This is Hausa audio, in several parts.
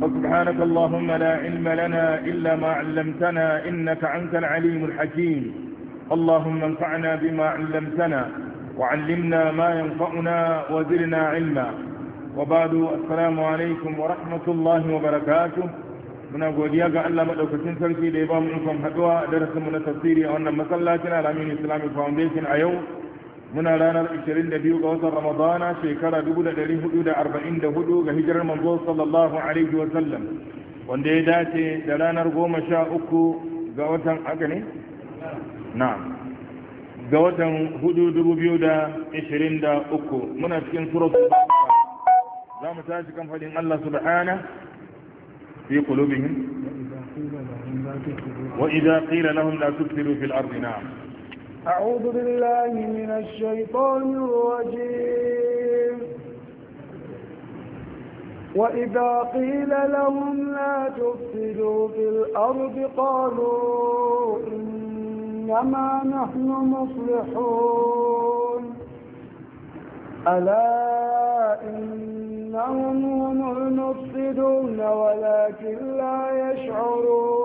فسبحانك اللهم لا علم لنا إلا ما علمتنا إنك أنت العليم الحكيم اللهم انفعنا بما علمتنا وعلمنا ما ينفعنا وزرنا علما وبعد السلام عليكم ورحمة الله وبركاته من أقول يا جعل ما لو كنت ya ba mu ikon haduwa darasin mu أن مسلاتنا a wannan masallacin al muna ranar 22 ga watan ramadana shekara 1444 ga hijirar manzo sallallahu alaihi wa sallam wanda ya dace da ranar 13 ga watan aka ne na'am ga watan 4223 muna cikin suratul za mu tashi kan fadin Allah subhanahu fi qulubihim wa idza qila lahum la tufsidu fil ardi na'am أعوذ بالله من الشيطان الرجيم وإذا قيل لهم لا تفسدوا في الأرض قالوا إنما نحن مصلحون ألا إنهم هم المفسدون ولكن لا يشعرون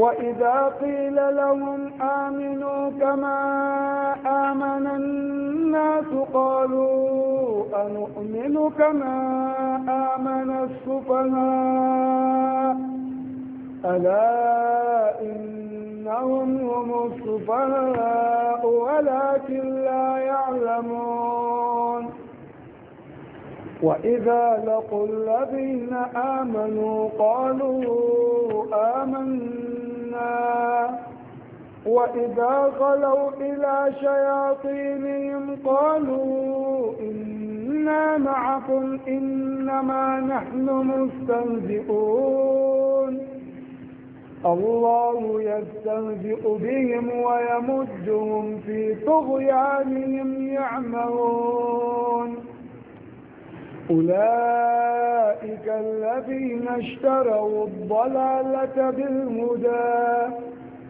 وإذا قيل لهم آمنوا كما آمن الناس قالوا أنؤمن كما آمن السفهاء ألا إنهم هم السفهاء ولكن لا يعلمون وإذا لقوا الذين آمنوا قالوا آمنا وإذا خلوا إلى شياطينهم قالوا إنا معكم إنما نحن مستهزئون الله يستهزئ بهم ويمدهم في طغيانهم يعملون أولئك الذين اشتروا الضلالة بالهدى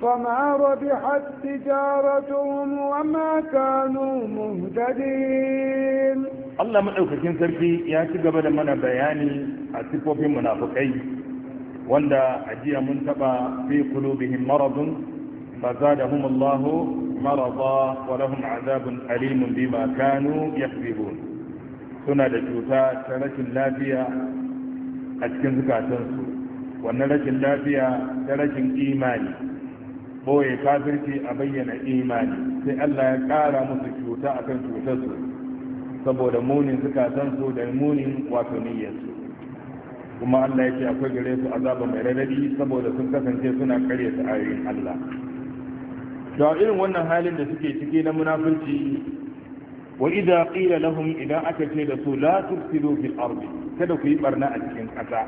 فما ربحت تجارتهم وما كانوا مهتدين الله مدعوك كن سرفي يا شقب لمن بياني أسفو في منافقين وندا أجي من تبع في قلوبهم مرض فزادهم الله مرضا ولهم عذاب أليم بما كانوا يحذبون suna da cuta ta rashin lafiya a cikin zukatansu wannan rashin lafiya ta rashin imani boye kafirci a bayyana imani sai Allah ya kara musu cuta akan cutarsu saboda munin zukatansu da munin wato niyyarsu kuma Allah ya ce akwai gare su azaba mai radadi saboda sun kasance suna karya su ayoyin Allah Da irin wannan halin da suke ciki na munafurci wa idza qila lahum idan aka ce da su la tufsidu fil ardi kada ku yi barna a cikin ƙasa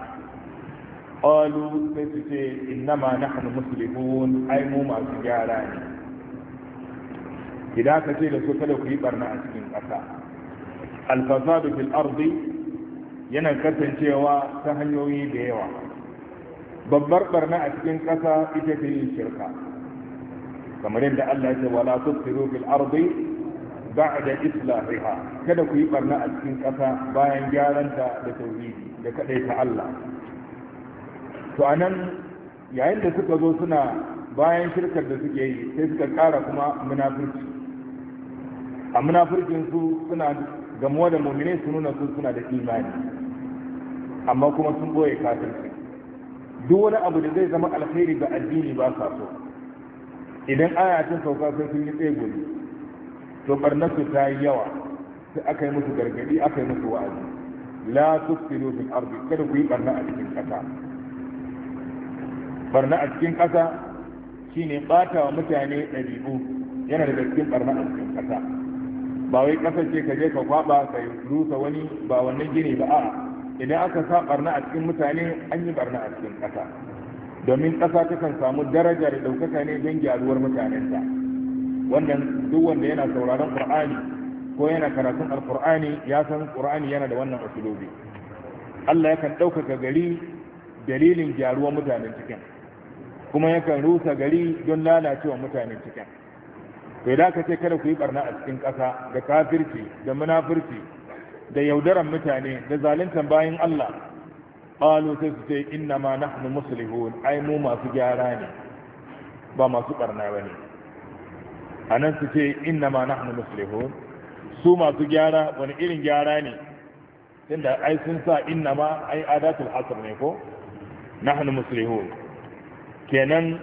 qalu sai su ce innama nahnu muslimun ai mu masu gyara ne idan aka ce da su kada ku yi a cikin ƙasa yana kasancewa ta hanyoyi da yawa babbar barna a cikin ƙasa ita ce yin shirka kamar yadda Allah ya ce wala tufsidu fil ardi ba'da islahiha kada ku yi barna a cikin ƙasa bayan gyaranta da tauhidi da kadai ta Allah to anan yayin da suka zo suna bayan shirkar da suke yi sai suka ƙara kuma munafurci a munafurcin su suna gamuwa da muminai su nuna su suna da imani amma kuma sun boye kafirci duk wani abu da zai zama alkhairi ga addini ba sa so idan aya ta sauka sai sun yi tsaye to barnarsu ta yi yawa sai aka yi musu gargadi aka yi musu wa'azi la tusfilu fil ardi kada ku yi barna a cikin kasa barna a cikin kasa shine bata wa mutane ɗabi'u yana da cikin barna a cikin kasa ba wai kasa ce ka je ka kwaba ka rusa wani ba wannan gini ba a'a idan aka sa barna a cikin mutane an yi barna a cikin kasa domin kasa takan samu daraja da ɗaukaka ne don gyaruwar mutanenta wannan duk wanda yana sauraron qur'ani ko yana karatun alqur'ani ya san qur'ani yana da wannan usulobi Allah yakan ɗaukaka gari dalilin jaruwa mutanen cikin kuma yakan rusa gari don lalacewa mutanen cikin to da ka ce kada ku yi barna a cikin ƙasa da kafirci da munafirci da yaudaran mutane da zaluntan bayan Allah qalu sai inna ma nahnu muslihun ai mu masu gyara ne ba masu barna bane a nan su ce inna ma na hannu musulihun su masu gyara wani irin gyara ne inda ai sun sa inna ma ai adatul asr ne ko na hannu musulihun kenan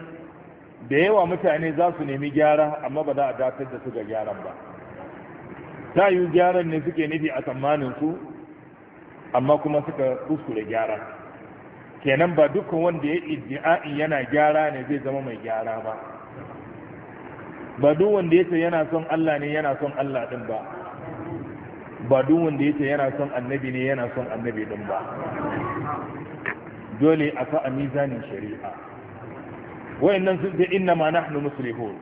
da yawa mutane za su nemi gyara amma ba za a datar da su ga gyaran ba ta yi gyaran ne suke nufi a tsammanin su amma kuma suka kuskure gyara kenan ba dukkan wanda ya iddi'a'in yana gyara ne zai zama mai gyara ba ba duk wanda ya ce yana son Allah ne yana son Allah din ba ba duk wanda ya ce yana son annabi ne yana son annabi din ba dole a fa a mizanin shari'a wayannan sun ce inna ma nahnu muslihun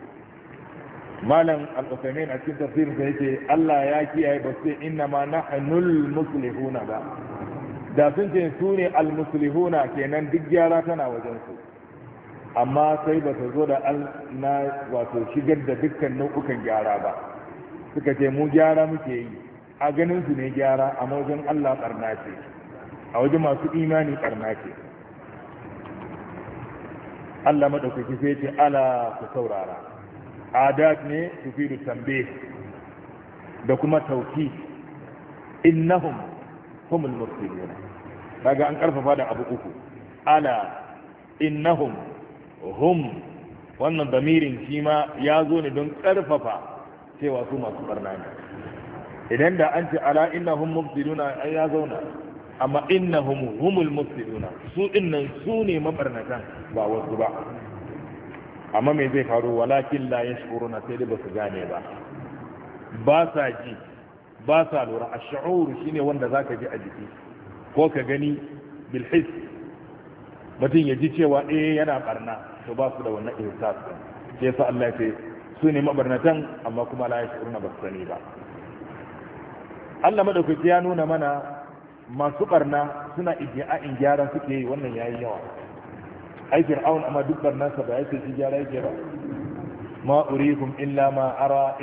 malam al-qasamain a cikin tafsirin sai yace Allah ya kiyaye ba sai inna ma nahnu muslihuna ba da sun ce su ne al-muslihuna kenan duk gyara tana wajen su amma sai ba ta zo da an na wato shigar da dukkan nau'ukan gyara ba suka ce mu gyara muke yi a ganin su ne gyara a wajen Allah barna ce a wajen masu imani barna ce Allah madaukaki sai ce ala ku saurara adat ne su fi da kuma tauki innahum humul mursiluna daga an karfafa da abu uku ala innahum hum wannan damirin shi ma ya zo ne don ƙarfafa cewa su masu barna ne idan da an ce ala innahum mufsiduna ai ya zauna amma innahum humul mufsiduna su dinnan su ne mabarnatan ba wasu ba amma me zai faru walakin la na sai dai ba su gane ba ba sa ji ba sa lura ash shi shine wanda za ka ji a jiki ko ka gani bilhis. mutum ya ji cewa eh yana barna to ba su da wannan ihsas din sai sa Allah ya ce su ne mabarnatan amma kuma la yashuruna ba sani ba Allah madaukaki ya nuna mana masu barna suna ija'in gyara suke yi wannan yayi yawa ai fir'aun amma duk sa ba yake shi gyara yake ba ma urikum illa ma ara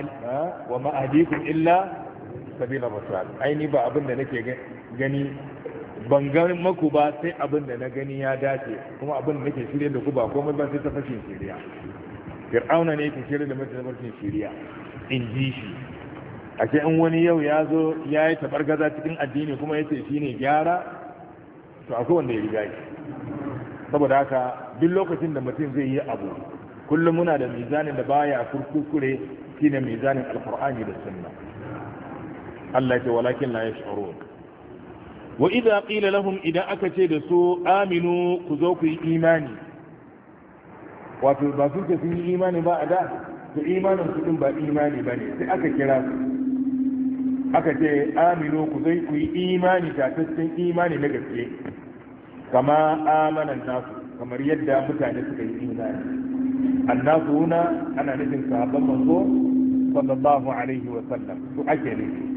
wa ma ahdikum illa sabila basar ai ni ba abin da nake gani ban ga maku ba sai abin da na gani ya dace kuma abin da nake shirya da ku ba komai ba sai ta fashin shirya fir'auna ne ke shirya da mata fashin shirya in ji shi a ce in wani yau ya zo ya yi gaza cikin addini kuma ya ce shi ne gyara to akwai wanda ya riga shi saboda haka duk lokacin da mutum zai yi abu kullum muna da mizanin da baya kurkure shine mizanin alqur'ani da sunna Allah ya ce walakin la yash'urun wa idza qila lahum idan aka ce da su aminu ku zo ku yi imani wato ba su ce sun yi imani ba a da to imanin su din ba imani bane sai aka kira su aka ce aminu ku zo ku yi imani ta tatattun imani na gaske kama amanan nasu kamar yadda mutane suka yi imani annasu huna ana nufin sahabban manzo sallallahu alaihi wa sallam su ake nufi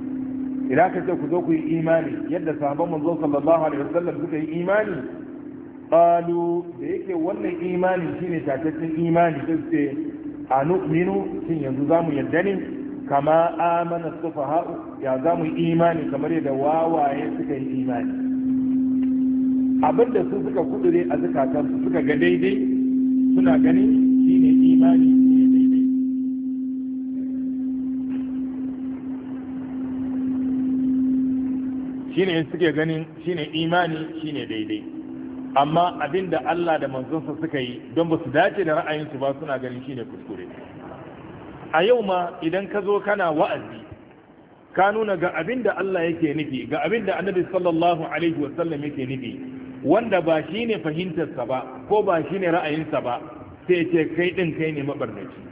Ina ka ce ku zo ku yi imani yadda sahabban manzo sallallahu alaihi wasallam suka yi imani qalu da yake wannan imani shine tataccen imani sai ce anu'minu shin yanzu zamu yadda ne kama amana sufaha ya zamu yi imani kamar yadda wawaye suka yi imani abinda su suka kudure a zakatansu suka ga daidai suna gani shine suke ganin shine imani shine daidai amma abinda Allah da manzonsa suka yi don ba su dace da ra'ayinsu ba suna ganin shine kuskure a yau ma idan ka zo kana wa'azi ka nuna ga abin da Allah yake nufi ga abin da Annabi sallallahu alaihi wa sallam yake nufi wanda ba shine fahimtarsa ba ko ba shine ra'ayinsa ba sai ce kai din kai ne mabarnaci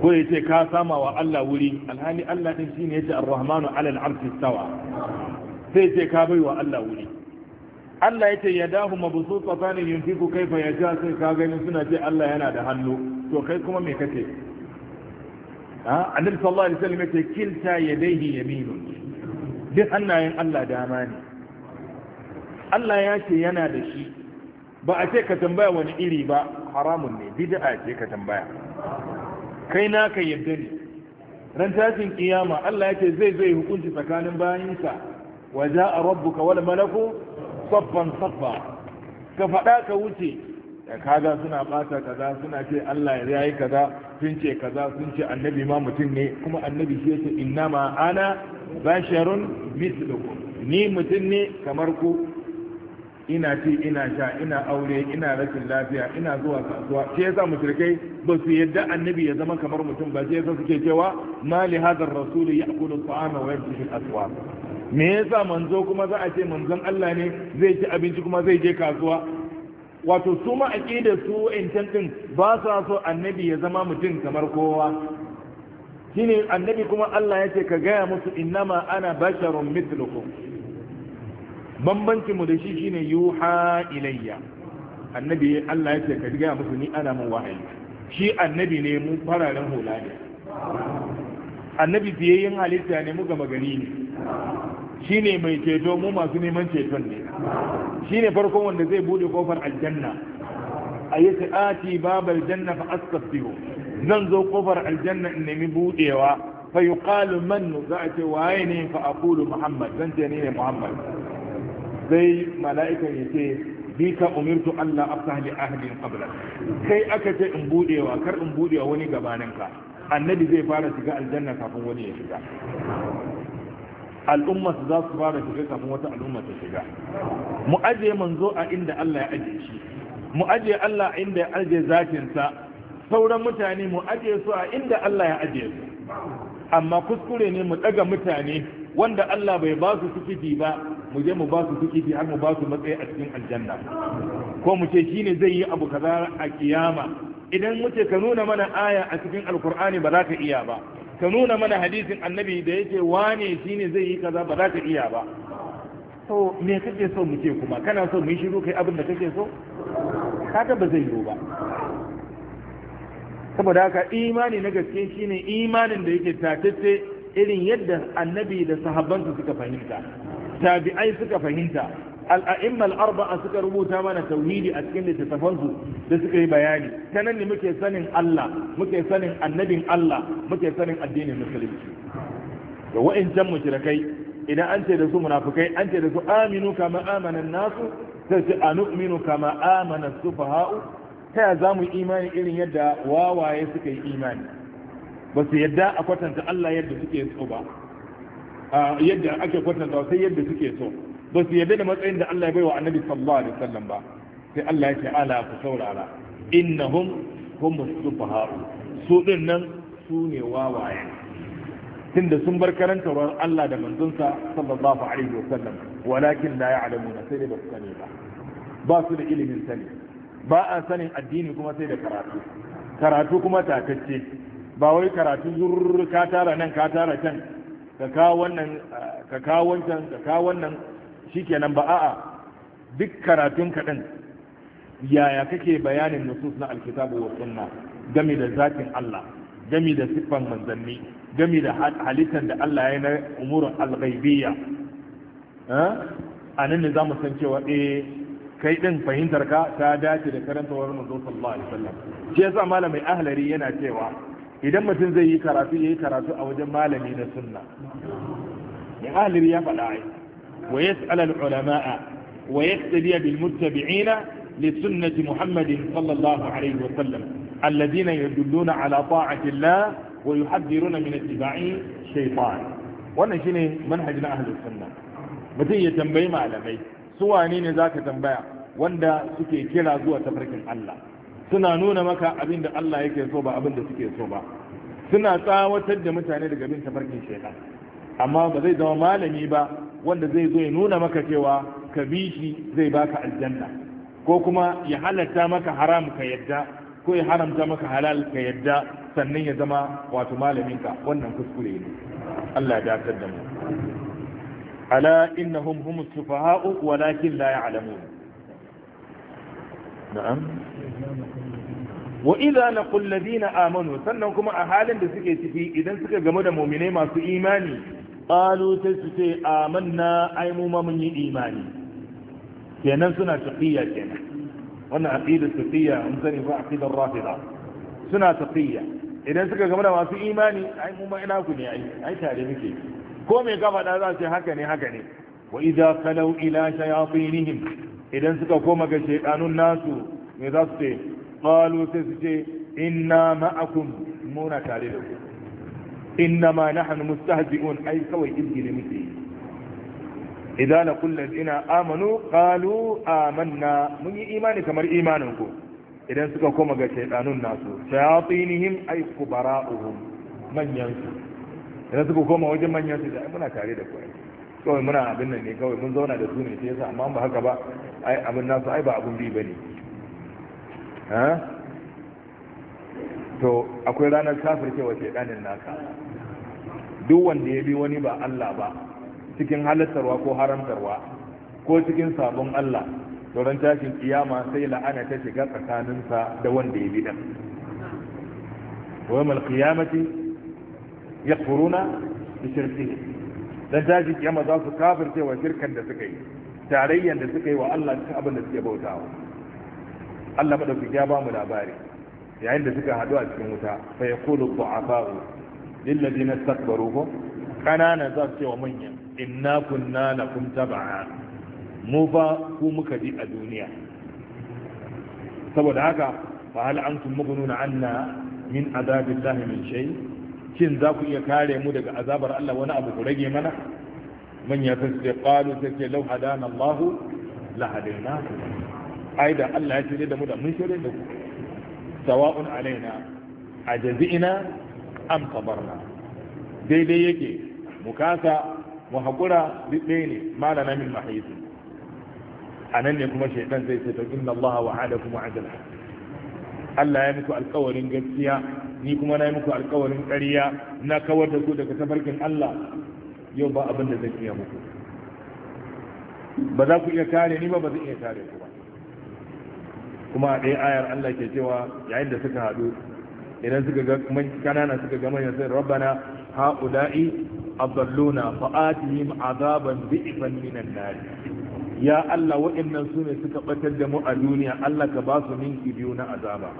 ko ya ce ka sama wa Allah wuri alhali Allah din shine yace ar-rahmanu 'ala al-'arshi stawa sai ce ka bai wa Allah wuri Allah ya ce ya dahu mabusu tsakanin yunfiku fa ya ja sai ka gani suna ce Allah yana da hannu to kai kuma me kake ha annabi sallallahu alaihi wasallam yace kilta yadayhi yaminun duk hannayen Allah dama ne Allah ya ce yana da shi ba a ce ka tambaya wani iri ba haramun ne bid'a ce ka tambaya kai naka yaddani ne ran tashin kiyama Allah ya ce zai zai hukunci tsakanin bayinsa wa ja'a rabbuka wani malaku saffan saffa ka faɗa ka wuce da kaga suna ɓata kaza suna ce Allah ya yi kaza sun ce kaza sun ce annabi ma mutum ne kuma annabi shi yace inna ma ana basharun mislukum ni mutum ne kamar ku ina ci ina sha ina aure ina rashin lafiya ina zuwa kasuwa shi yasa mushrikai ba su yadda annabi ya zama kamar mutum ba shi yasa suke cewa ma li hadar rasul ya'kulu ta'ama wa yamshi fil aswaq me yasa manzo kuma za a ce manzon Allah ne zai ci abinci kuma zai je kasuwa wato su ma aqidar su wa'incan din ba sa so annabi ya zama mutum kamar kowa shine annabi kuma Allah ya ce ka gaya musu innama ana basharun mithlukum bambancin mu da shi shine yuha ilayya annabi Allah ya ce ka gaya musu ni ana mun wahayi shi annabi ne mu fararen hula ne annabi biyayyen halitta ne mu gama magani ne ne mai ceto mu masu neman ceton ne ne farko wanda zai bude kofar aljanna a yi ati babar janna fa astaghfiru zan zo kofar aljanna in nemi budewa fa yuqalu man za a ce waye ne fa aqulu muhammad zan ce ne muhammad sai mala'ika ya ce bi ka umirtu Allah afsah li ahlin qabla kai aka ce in budewa kar in budewa wani gabaninka annabi zai fara shiga aljanna kafin wani ya shiga al'umma su za su fara shiga kafin wata al'umma ta shiga mu aje manzo a inda Allah ya aje shi mu aje Allah inda ya aje zatinsa sauran mutane mu aje su a inda Allah ya aje su amma kuskure ne mu daga mutane wanda Allah bai ba su sukiti ba mu je mu ba su bi har mu ba su matsayi a cikin aljanna ko mu ce shine zai yi abu kaza a kiyama idan mu ce ka nuna mana aya a cikin alkur'ani ba za ka iya ba ka nuna mana hadisin annabi da yake wane shine zai yi kaza ba za ka iya ba so me kake so mu ce kuma kana so mu yi shiru kai abin da kake so kaga ba zai yiwu ba saboda haka imani na gaske shine imanin da yake tatatte irin yadda annabi da sahabbansa suka fahimta tabi'ai suka fahimta al'a'immal arba'a suka rubuta mana tauhidi a cikin littattafansu da suka yi bayani ta nan ne muke sanin Allah muke sanin annabin Allah muke sanin addinin musulunci da wa'incan mushrikai idan an ce da su munafikai an ce da su aminu kama amanan nasu sai ce anu'minu kama su Fahau, ta ya zamu imani irin yadda wawaye suka yi imani ba su yadda a kwatanta Allah yadda suke so ba yadda ake kwatanta sai yadda suke so ba su yarda da matsayin da Allah ya baiwa annabi sallallahu alaihi wasallam ba sai Allah ya ce ala ku saurara innahum hum sufaha'u su din nan su ne wawaye tunda sun bar karanta ruwan Allah da manzonsa sallallahu alaihi wasallam walakin la ya'lamuna sai da ba su sani ba ba su da ilimin sani ba a sanin addini kuma sai da karatu karatu kuma takacce ba wai karatu zurr ka tara nan ka tara can ka kawo wannan ka kawo wancan ka kawo wannan shikenan ba a'a duk karatun kaɗan yaya kake bayanin nusus na alkitabu wa sunna game da zatin Allah game da siffan manzanni game da halittar da Allah ya na umurin alghaibiyya eh? a nan ne za mu san cewa eh kai din fahimtar ka ta dace da karantawar manzo sallallahu alaihi wasallam shi yasa malamin ahlari yana cewa idan mutum zai yi karatu yayi karatu a wajen malami na sunna ya ahlari ya faɗa ai ويسأل العلماء ويقتدي بالمتبعين لسنة محمد صلى aladina عليه وسلم الذين يدلون على طاعة الله ويحذرون من اتباع الشيطان wannan shine manhajin ahlus sunna mutum ya tambayi malamai su wane ne zaka tambaya wanda suke kira zuwa tafarkin Allah suna nuna maka abinda da Allah yake so ba abinda da suke so ba suna tsawatar da mutane daga bin tafarkin shaitan amma ba zai zama malami ba wanda zai zo ya nuna maka cewa ka bi shi zai baka aljanna ko kuma ya halatta maka haram ka yadda ko ya haramta maka halal ka yadda sannan ya zama wato malaminka wannan kuskure ne Allah ya dakatar da mu ala innahum humus sufaha'u walakin la ya'lamun na'am wa idza laqul ladina amanu sannan kuma a halin da suke ciki idan suka gamu da mu'mine masu imani qalu sai su ce amanna ai mu mun yi imani kenan suna tafiya kenan wannan aqidar taqiyya mun sani ba aqidar rafida suna tafiya. idan suka gama da masu imani ai mu ina ku ne ai ai tare muke ko me ka faɗa za su haka ne haka ne wa idza kalau ila shayatinihim idan suka koma ga shaydanun nasu me za su ce qalu sai su ce inna ma'akum muna tare da ku innama nahnu mustahzi'un ai kawai izgili muke yi idza laqul ladina amanu qalu amanna mun yi imani kamar imanin ku idan suka koma ga shaydanun nasu shayatinihim ay kubara'uhum manyan su idan suka koma wajen manyan su da muna tare da ku kawai muna abin nan ne kawai mun zauna da su ne sai yasa amma ba haka ba ai abin nasu ai ba abin bi bane ha to akwai ranar kafircewa shaydanin naka duk wanda ya bi wani ba Allah ba cikin halattarwa ko haramtarwa ko cikin sabon Allah sauran tashin kiyama sai la'ana ta shiga tsakaninsa da wanda ya bi dan wa yamal Ya furuna? bi shirkihi dan tashin kiyama za su kafirce wa shirkan da suka yi tarayyan da suka yi wa Allah cikin abin da suke bautawa Allah madaukaki ya ba mu labari yayin da suka haɗu a cikin wuta fa yaqulu du'afa'u lillazina istakbaru ko kanana za su ce wa manyan inna kunna lakum tab'a mu fa ku muka ji a duniya saboda haka fa hal antum mughnuna anna min azabillahi min shay kin za ku iya kare mu daga azabar Allah wani abu ku rage mana manya sun ce qalu sai law hadana Allah ya shirye da mu da mun da ku sawa'un alaina am sabarna daidai yake mu kasa mu haƙura duk ɗaya ne malana min mahaizu a nan ne kuma shaidan zai ce to inna wa wa'ada kuma ajala Allah ya muku alƙawarin gaskiya ni kuma na yi muku alƙawarin ƙarya na kawar da ku daga tafarkin Allah yau ba abin da zai iya muku ba za ku iya kare ni ba ba zai iya kare ku ba kuma a ɗaya ayar Allah ke cewa yayin da suka haɗu idan suka ga kanana suka ga manyan sai rabbana haula'i adalluna fa atihim azaban bi'fan minan nar ya Allah waɗannan su ne suka batar da mu a duniya Allah ka ba su ninki biyu na azaba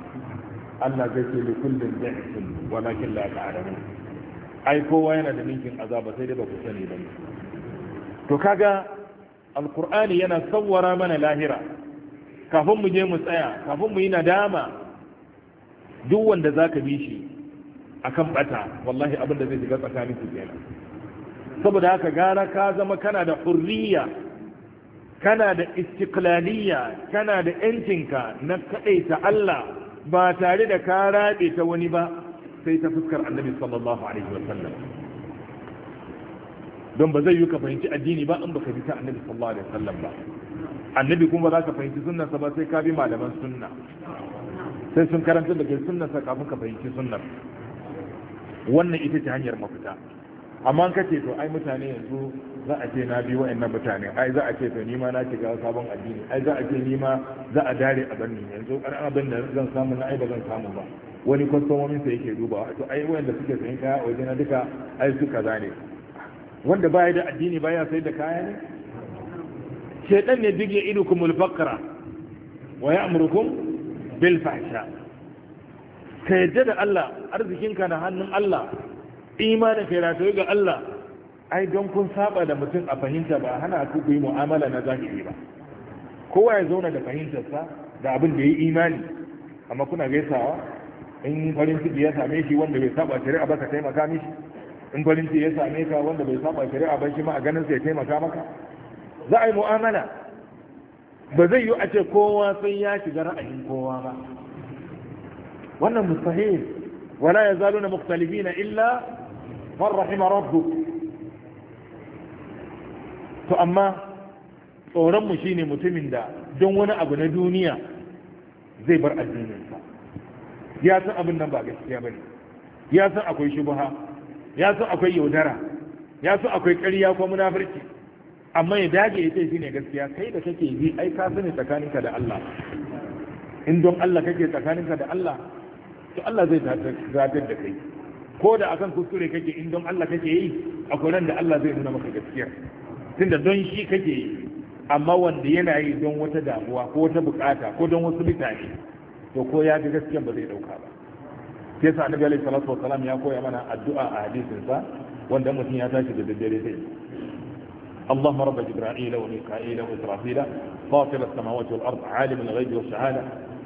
Allah zai ce li kullin da'ifin walakin la ta'lamun ai kowa yana da ninkin azaba sai dai ba ku sani ba to kaga alqur'ani yana sawwara mana lahira kafin mu je mu tsaya kafin mu yi nadama duk wanda za ka bi shi akan bata wallahi abin da zai shiga tsakanin ku kenan saboda haka gara ka zama kana da hurriya kana da istiklaliya kana da yancinka na ta Allah ba tare da ka raɗe ta wani ba sai ta fuskar annabi sallallahu alaihi wasallam don ba zai yi ka fahimci addini ba in baka bi ta annabi sallallahu alaihi wasallam ba annabi kuma za ka fahimci sa ba sai ka bi malaman sunna sai sun karanta da ke sunan sa kafin ka fahimci sunan. wannan ita ce hanyar mafita amma ka ce to ai mutane yanzu za a ce na bi wa'annan mutane ai za a ce to ni ma na shiga sabon addini ai za a ce ni za a dare a banni yanzu an abin da zan samu na ai ba zan samu ba wani kwastomomin sa yake dubawa to ai wanda suke sayan kaya a waje na duka ai su kaza ne wanda baya da addini baya sai da kaya ne shedan ne duk ya ku al-faqra wa ya'murukum bil fahsha ka yadda da Allah arzikinka na hannun Allah imanin ka rataye ga Allah ai don kun saba da mutum a fahimta ba hana ku yi mu'amala na zahiri ba kowa ya zauna da sa da abin da ya yi imani amma kuna gaisawa in farin ciki ya same shi wanda bai saba shari'a ba ka taimaka mishi in farin ciki ya same ka wanda bai saba shari'a ba shi ma a ganin sa ya taimaka maka za a yi mu'amala ba zai yi a ce kowa sai ya shiga ra'ayin kowa ba wannan mustahil wala ya zalo na na illa man rahima rabbuk to amma tsoronmu shi ne mutumin da don wani abu na duniya zai bar addininsa ya san abin nan ba gaskiya ne. ya san akwai shubha ya san akwai yaudara ya san akwai ƙarya ko munafurci amma ya dage ya ce shi ne gaskiya kai da kake yi ai ka sani tsakaninka da Allah in don Allah kake tsakaninka da Allah to Allah zai zatar da kai ko da akan kuskure kake in don Allah kake yi akwai ran da Allah zai nuna maka gaskiya tunda don shi kake yi amma wanda yana yi don wata damuwa ko wata bukata ko don wasu mutane to ko ya ga gaskiyan ba zai dauka ba sai sa annabi alaihi salatu wasalam ya koya mana addu'a a hadisin sa wanda mutum ya tashi da daddare sai اللهم رب جبرائيل وميكائيل وإسرافيل فاطر السماوات والأرض عالم الغيب والشهادة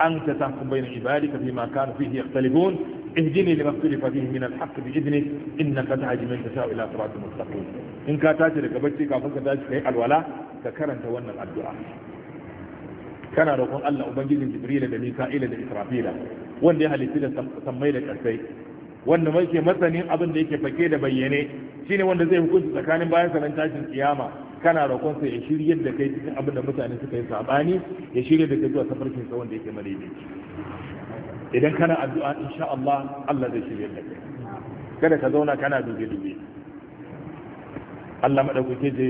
أنت تحكم بين عبادك فيما كانوا فيه يختلفون اهدني لما اختلف فيه من الحق بإذنك إنك تهدي من تشاء إلى صراط مستقيم إن كانت تاجر كبتك فسدت في الولاء ككرنت تولى الدعاء كان رقم الله أبنجد جبريل وميكائيل وإسرافيل وان لها لسلة سميلك السيء wanda ke masanin abin da yake fake da bayyane shine wanda zai hukunci tsakanin bayan sanan tashin kiyama kana roƙon sa ya shirye da kai cikin abin da mutane suka yi sabani ya shirya da kai zuwa safarkin sa wanda yake madaidaici idan kana addu'a insha Allah Allah zai shirye da kai kada ka zauna kana dube dube Allah madaukake je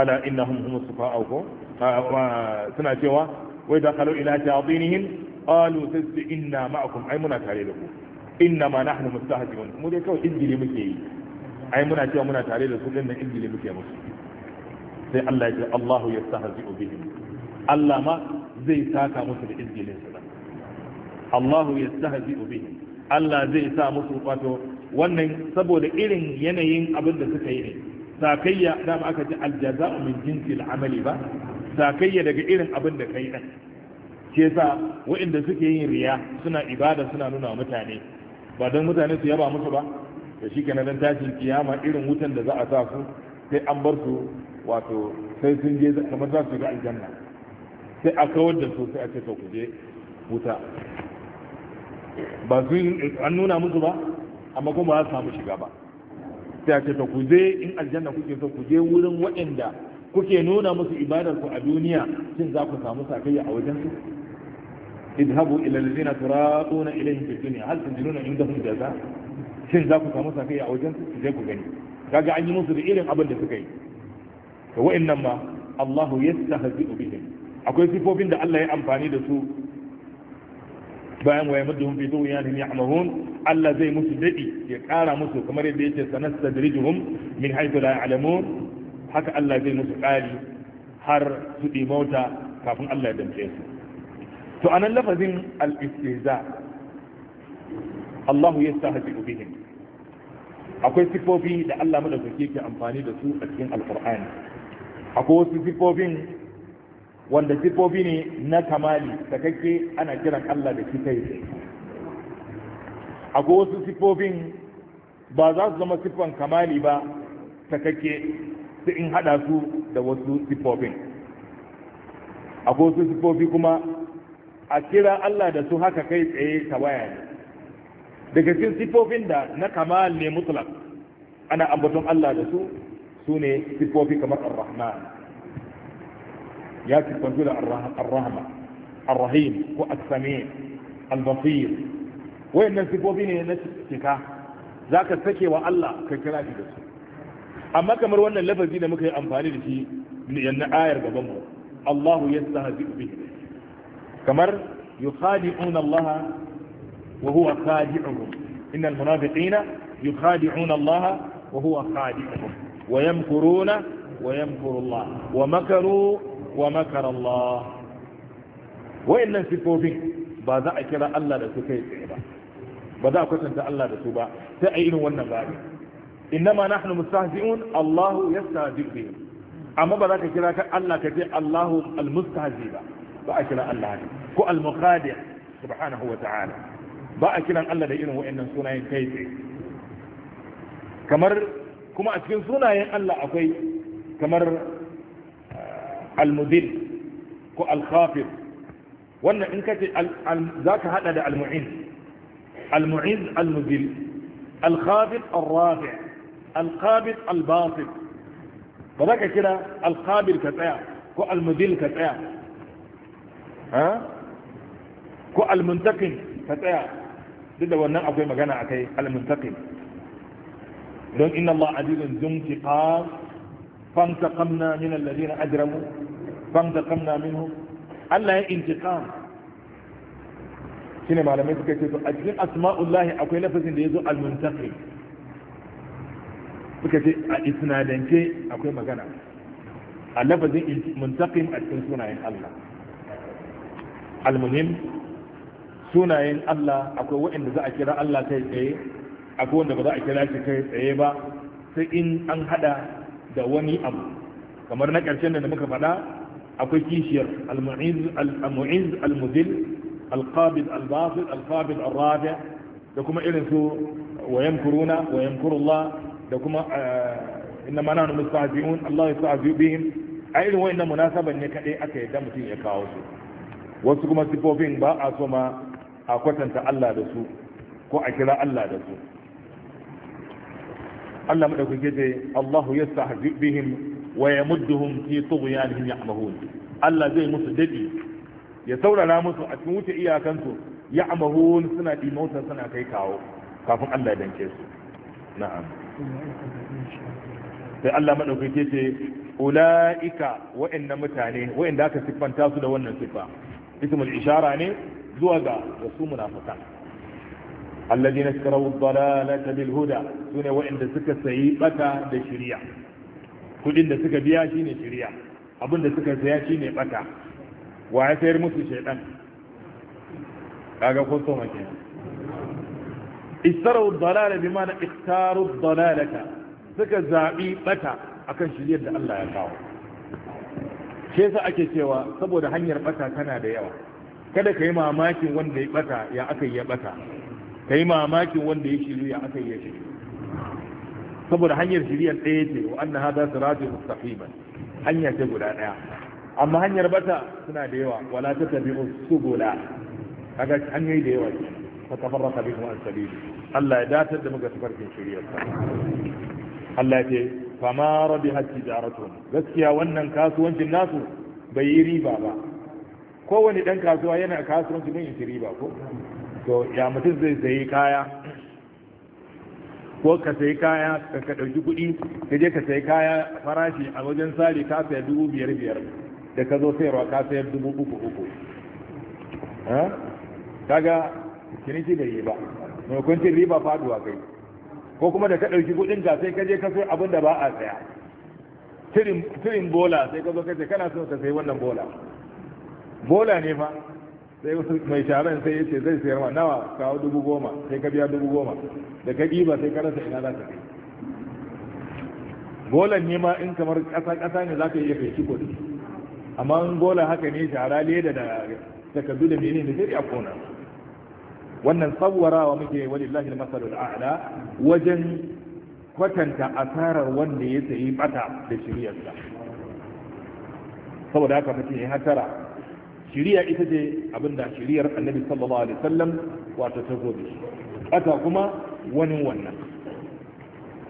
ala innahum humus sufa'u ko ah, suna cewa wai da kalau ila ta'dinihim qalu tasbi inna ma'akum ai muna tare da ku inna ma nahnu mustahzi'un mu dai kawai izgili muke yi ai muna cewa muna tare da su din nan izgili muke musu sai Allah ya ce Allahu yastahzi'u bihim Allah ma zai saka musu da izgilin su Allahu yastahzi'u bihim Allah zai sa musu wato wannan saboda irin yanayin abin da suka yi ne sakayya da aka ji aljaza'u min jinsil amali ba sakayya daga irin abin da kai din ke sa waɗanda suke yin riya suna ibada suna nuna mutane ba don mutane su yaba musu ba da shi kenan don tashin kiyama irin wutan da za a sa su sai an bar su wato sai sun je kamar za su ga aljanna sai a kawar da su sai a ce ku je wuta ba su an nuna musu ba amma kuma ba za su samu shiga ba sai a ce ku je in aljanna kuke so ku je wurin waɗanda kuke nuna musu ibadar ku a duniya shin za ku samu sakayya a wajen su idhabu ila allazina turaduna ilayhim fid dunya hal tanjuruna indahum jaza shin za ku samu sakai a wajen su je ku gani kaga an yi musu da irin abin da suka yi to wa'annan ma Allah yastahzi'u bihim akwai sifofin da Allah ya amfani da su bayan wa yamudduhum fi dughyanihim ya'mahun Allah zai musu dadi ya kara musu kamar yadda yake sanastadrijuhum min haythu la ya'lamun haka Allah zai musu kari har su dimauta kafin Allah ya damce su to anan lafazin al-istihza Allah ya haji ubihin. akwai sifofi da Allah madaukake ke amfani da su a cikin alqur'ani akwai wasu sifofin wanda sifofi ne na kamali sakakke ana kiran Allah da shi kai akwai wasu sifofin ba za su zama siffan kamali ba sakakke sai in hada su da wasu sifofin akwai wasu sifofi kuma a kira Allah da su haka kai tsaye ta waya ne daga cikin sifofin da na kamal ne mutlak ana ambaton Allah da su su ne sifofi kamar ar-rahman ya sifantu da ar-rahma ar-rahim ko as-sami al-basir wayannan sifofi ne na cika zaka sake wa Allah ka kira shi da su amma kamar wannan lafazi da muka yi amfani da shi yanna ayar gaban mu Allahu yastahzi bihi kamar yukhadi'una Allah wa huwa khadi'uhum innal munafiqina Allah wa huwa khadi'uhum wa yamkuruna wa yamkuru Allah wa makaru wa makara Allah sifofin ba za a kira Allah da su kai ba ba za a kwatanta Allah da su ba sai a irin wannan innama nahnu mustahzi'un yastahzi'u amma ba za ka kira ka Allah ka ce Allahu al-mustahzi ba ba a kiran Allah ne ko al-muqadir subhanahu wa ta'ala ba a kiran Allah da irin wa'annan sunayen kai tsaye kamar kuma a cikin sunayen Allah akwai kamar eh, al-mudil ko al-khafir wannan in kace zaka hada da al-mu'in al-mu'iz al-mudil al-khafir al-rafi al-qabid al-basit ba za ka kira al-qabid ka tsaya ko al-mudil ka tsaya ko almuntakin ka tsaya duk da wannan akwai magana akai almuntakin don inna Allah azizun zumtiqas fantaqamna min alladhina ajramu fantaqamna minhum Allah ya intiqam shine malamai suka ce to a cikin asma'ullahi akwai lafazin da yazo almuntakin suka ce a isnadance akwai magana a lafazin muntaqim a cikin sunayen Allah almuhim sunayen Allah akwai waɗanda za a kira Allah kai tsaye akwai wanda ba za a kira shi kai tsaye ba sai in an hada da wani abu kamar na ƙarshen da muka faɗa akwai kishiyar al-mu'iz al-mudil al-qabid da kuma irin su wayan kuruna wayan yamkurullah da kuma eh, inna ma nahnu mustahzi'un Allah yastahzi bihim a irin wayannan munasaban ne kadai aka yadda mutum ya kawo su wasu kuma sifofin ba a so ma a kwatanta Allah da su ko a kira Allah da su Allah madaukake ce Allahu yastahzi bihim wa yamudduhum fi tughyanihim ya'mahun Allah zai musu dadi ya saurara musu a cikin wuce iyakansu ya'mahun suna motsa suna kai kawo kafin Allah ya danke su na'am sai Allah madaukake ce ula'ika wa'annan mutane wa'anda aka siffanta su da wannan siffa ismul ishara ne zuwa ga wasu munafikan alladhina ishtaraw ad-dalalata bil huda sune wa'inda suka sayi bata da shari'a kudin da suka biya shine shari'a abin suka saya shine bata wa ya sayar musu shaydan kaga ko so mace ishtaraw ad-dalala bima na suka akan shari'ar da Allah ya kawo shi yasa ake cewa saboda hanyar bata tana da yawa kada ka yi mamakin wanda ya bata ya aka ya bata ka yi mamakin wanda ya shiru ya aka ya shiru saboda hanyar shiriyar ɗaya ce wa anna su sirati mustaqiman hanya ce guda ɗaya amma hanyar bata suna da yawa wala ta tabi su subula kaga hanyoyi da yawa fa tafarraqa bikum an sabili Allah ya datar da muka tafarkin shiriyarsa Allah ya ce fama rabihat tijaratuhum gaskiya wannan kasuwancin nasu bai yi riba ba kowane dan kasuwa yana kasuwanci mai yi riba ko to ya mutum zai sayi kaya ko ka sayi kaya ka ka dauki kuɗi ka je ka sayi kaya farashi a wajen sari ka sayar dubu biyar biyar da ka zo sayarwa ka sayar dubu uku uku kaga ciniki bai yi ba maimakon kwanci riba faduwa kai ko kuma da ka ɗauki kuɗin ka sai ka je ka sai abin da ba a saya tirin bola sai ka zo ka ce kana son ka sai wannan bola bola ne fa sai mai sharan sai yace zai sayar ma nawa kawo dubu goma sai ka biya dubu goma da ka ɗiba sai ka rasa ina za ka kai bolan ne ma in kamar ƙasa-ƙasa ne za ka iya kai kiko amma in bola haka ne shara leda da takardu da menene sai a kona wannan wa muke wani walillahi masarar a'la wajen kwatanta asarar wanda ya sayi bata da shiriyarsa saboda haka mutum ya hatara shiriya ita ce abinda shiriyar annabi sallallahu alaihi wasallam wato ta zo da shi bata kuma wani wannan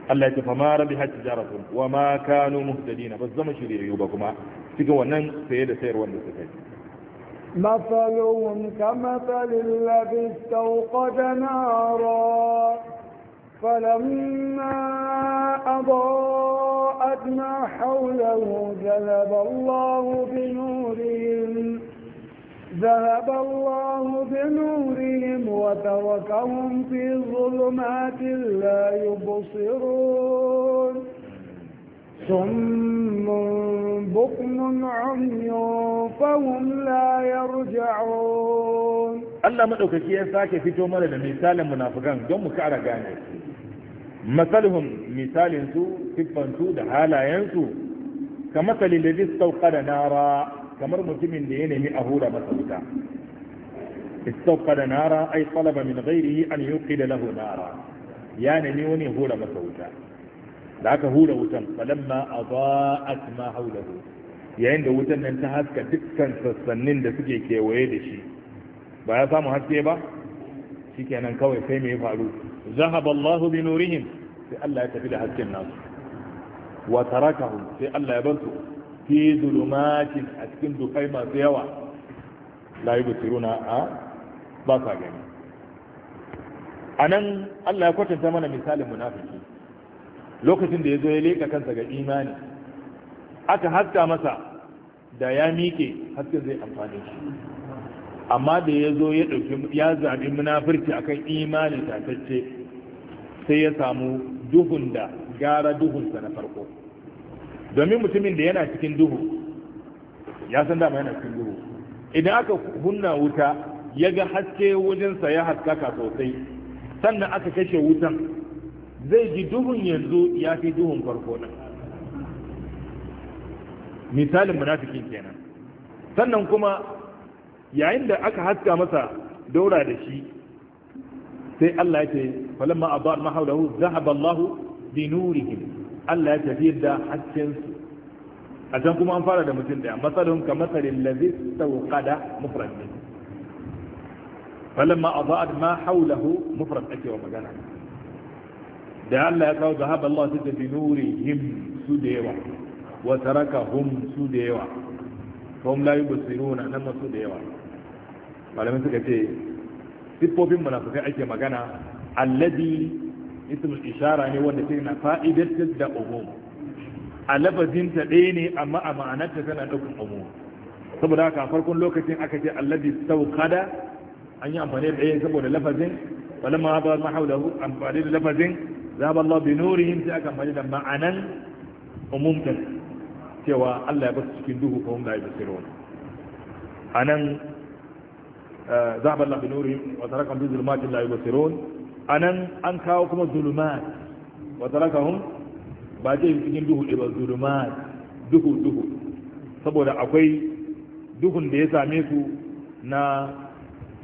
Allah ya ce fama rabi hajji jaratun wa ma kanu muhtadina ba zama shiriyayyu ba kuma cikin wannan saye da sayar wanda suka yi مثلهم كمثل الذي استوقد نارا فلما أضاءت ما حوله ذهب الله بنورهم ذهب الله بنورهم وتركهم في ظلمات لا يبصرون صم بكم عمي فهم لا يرجعون الله مدوكي ya sake fito mana da misalin munafikan don mu kara gane masalhum misalin su siffantu da halayensu ka masalin da istauka da nara kamar mutumin da ya nemi a hura masa wuta istauka da nara ai talaba min ghairihi an yuqida lahu nara ya nemi wani hura masa wuta da aka hura wutan falamma adaa'at ma hawlahu yayin da wutan nan ta haska dukkan sassannin da suke kewaye da shi ba ya samu haske ba shikenan kawai sai me ya faru zahaba Allah bi nurihim sai Allah ya tafi da hasken nasu wa tarakahum sai Allah ya bar su fi zulumatin a cikin dukai masu yawa la yubsiruna a ba sa gani anan Allah ya kwatanta mana misalin munafiki lokacin da ya zo ya leka kansa ga imani aka haska masa da ya miƙe haske zai amfani shi amma da ya zo ya ɗauki ya zaɓi munafurci akan imani tatacce sai ya samu duhun da gara duhunsa na farko domin mutumin da yana cikin duhu ya san dama yana cikin duhu idan aka hunna wuta ya ga haske wajensa ya haskaka sosai sannan aka kashe wutan zai ji duhun yanzu ya fi duhun farko nan misalin munafikin kenan sannan kuma yayin da aka haska masa daura da shi sai Allah ya ce falamma abad ma hawlahu zahaba Allah bi nurihim Allah ya tafi da hasken su a can kuma an fara da mutum daya masalun ka masalin ladhi tawqada mufrad falamma abad ma hawlahu mufrad ake wa magana da Allah ya kawo zahaba Allah ta tafi nurihim su da yawa wa tarakahum su da yawa hum la yubsiruna nan ma su da yawa malamin suka ce sifofin munafikai ake magana alladhi ismul ishara ne wanda sai na fa'idatar da umum a lafazin ta ɗaya ne amma a ma'anarta tana ɗaukar umum saboda haka farkon lokacin aka ce alladhi sauqada an yi amfani da ɗaya saboda lafazin balamma ba ma haulahu amfani da lafazin zaba Allah bi nurihim sai aka amfani da ma'anan umumtan cewa Allah ya basu cikin duhu ko da ya basiro anan eh, zaba Allah bi nurihim wa tarakahum bi zulmatin la yubsirun anan an kawo kuma zulumat wa tarakahum ba ce cikin duhu ba zulumat duhu duhu saboda akwai duhun da ya same su na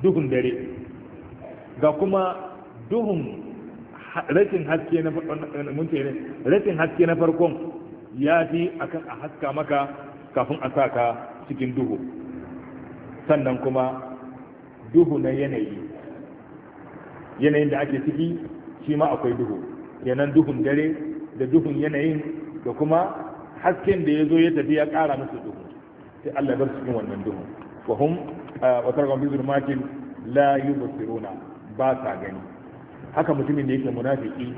duhun dare ga kuma duhun rashin haske na mun ce ne rashin haske na farkon ya fi akan a haska maka kafin a sa ka cikin duhu sannan kuma duhu na yanayi yanayin da ake ciki shi ma akwai duhu kenan duhun dare da duhun yanayin da kuma hasken da ya zo ya tafi ya ƙara musu duhu sai Allah bar cikin wannan duhun wa hum wa targhum bi zulmatin la yubsiruna ba sa gani haka mutumin da yake munafiki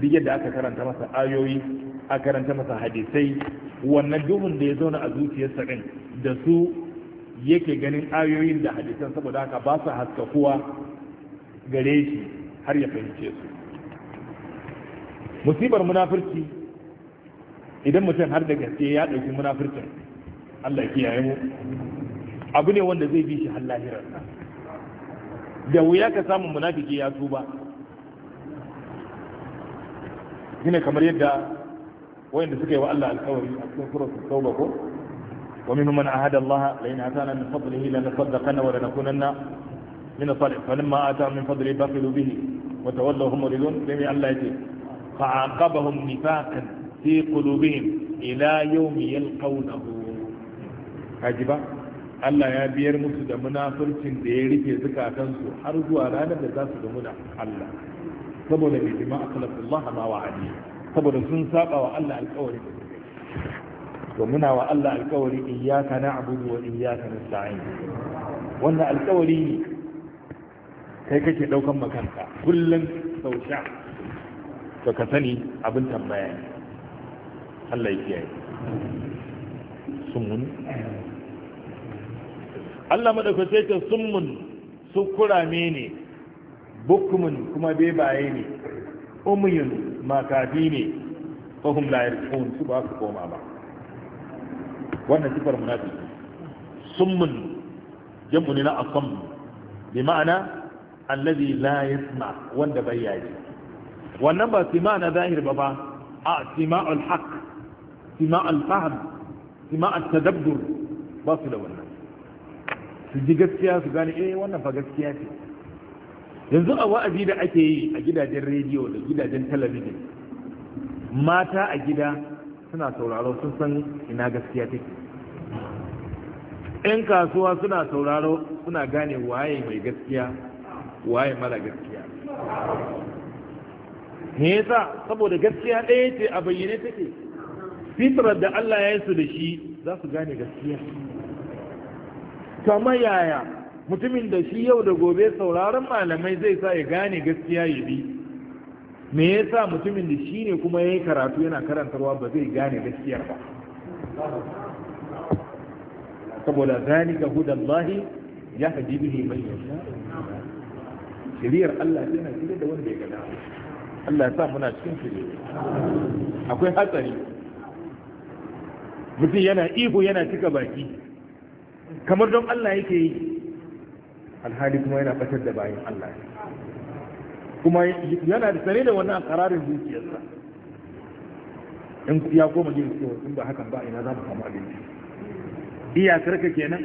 duk yadda aka karanta masa ayoyi a karanta masa hadisai wannan duhun da ya zauna a zuciyarsa din da su yake ganin ayoyin da hadisan saboda haka ba su haskakuwa gare shi har ya fahimce su musibar munafurci idan mutum har da gaske ya ɗauki munafurcin Allah kiyaye mu abu ne wanda zai bi shi har lahirarsa da wuya ka samu munafiki ya tuba shine kamar yadda wayanda suka yi wa Allah alkawari a cikin suratul tauba ko wa minhum man ahada Allah la in atana min fadlihi la nasaddaqanna wa la nakunanna min as-salihin falamma ata min baqilu bihi wa tawallaw hum Allah nifaqan fi qulubihim ila yawmi yalqawnahu Allah ya biyar musu da munafurcin da ya rike zukatansu har zuwa ranar da za su gamu da Allah saboda mai bima a salafullah ma wa ali saboda sun saba wa Allah alƙawari to muna wa Allah alƙawari iyyaka na'budu wa iyyaka nasta'in wannan alƙawari ne kai kake daukan makanka kullum sau sha to ka sani abin tambaya ne Allah ya kiyaye summun Allah madaukake ta summun su kurame ne bukumin kuma bebaye ne umyun makafi ne fahim la yarjun su ba su koma ba wannan sifar munafiki summun jam'u ne na asam bi ma'ana allazi la yasma wanda bai yaji wannan ba sima na zahir ba ba a sima al-haq sima al-fahm sima at-tadabbur ba su da wannan su ji gaskiya su gane eh wannan fa gaskiya ce yanzu a wa'azi da ake yi a gidajen rediyo da gidajen talabijin mata a gida suna sauraro sun san ina gaskiya take yan kasuwa suna sauraro suna gane waye mai gaskiya waye mara gaskiya me yasa saboda gaskiya ɗaya ce a bayyane take fitrar da Allah ya yi su da shi za su gane gaskiya kama yaya mutumin da shi yau da gobe sauraron malamai zai sa ya gane gaskiya ya bi me yasa mutumin da shi ne kuma ya yi karatu yana karantarwa ba zai gane gaskiyar ba saboda zani zalika lahi ya haji bihi mai yau shiriyar Allah tana cikin da wanda ya gada Allah ya sa muna cikin shiriyar akwai hatsari mutum yana ihu yana cika baki kamar don Allah yake yi alhali kuma yana batar da bayan Allah kuma yana da sare da wannan kararin zuciyarsa in ya koma jin cewa in ba hakan ba ina za mu samu abinci iyakar ka kenan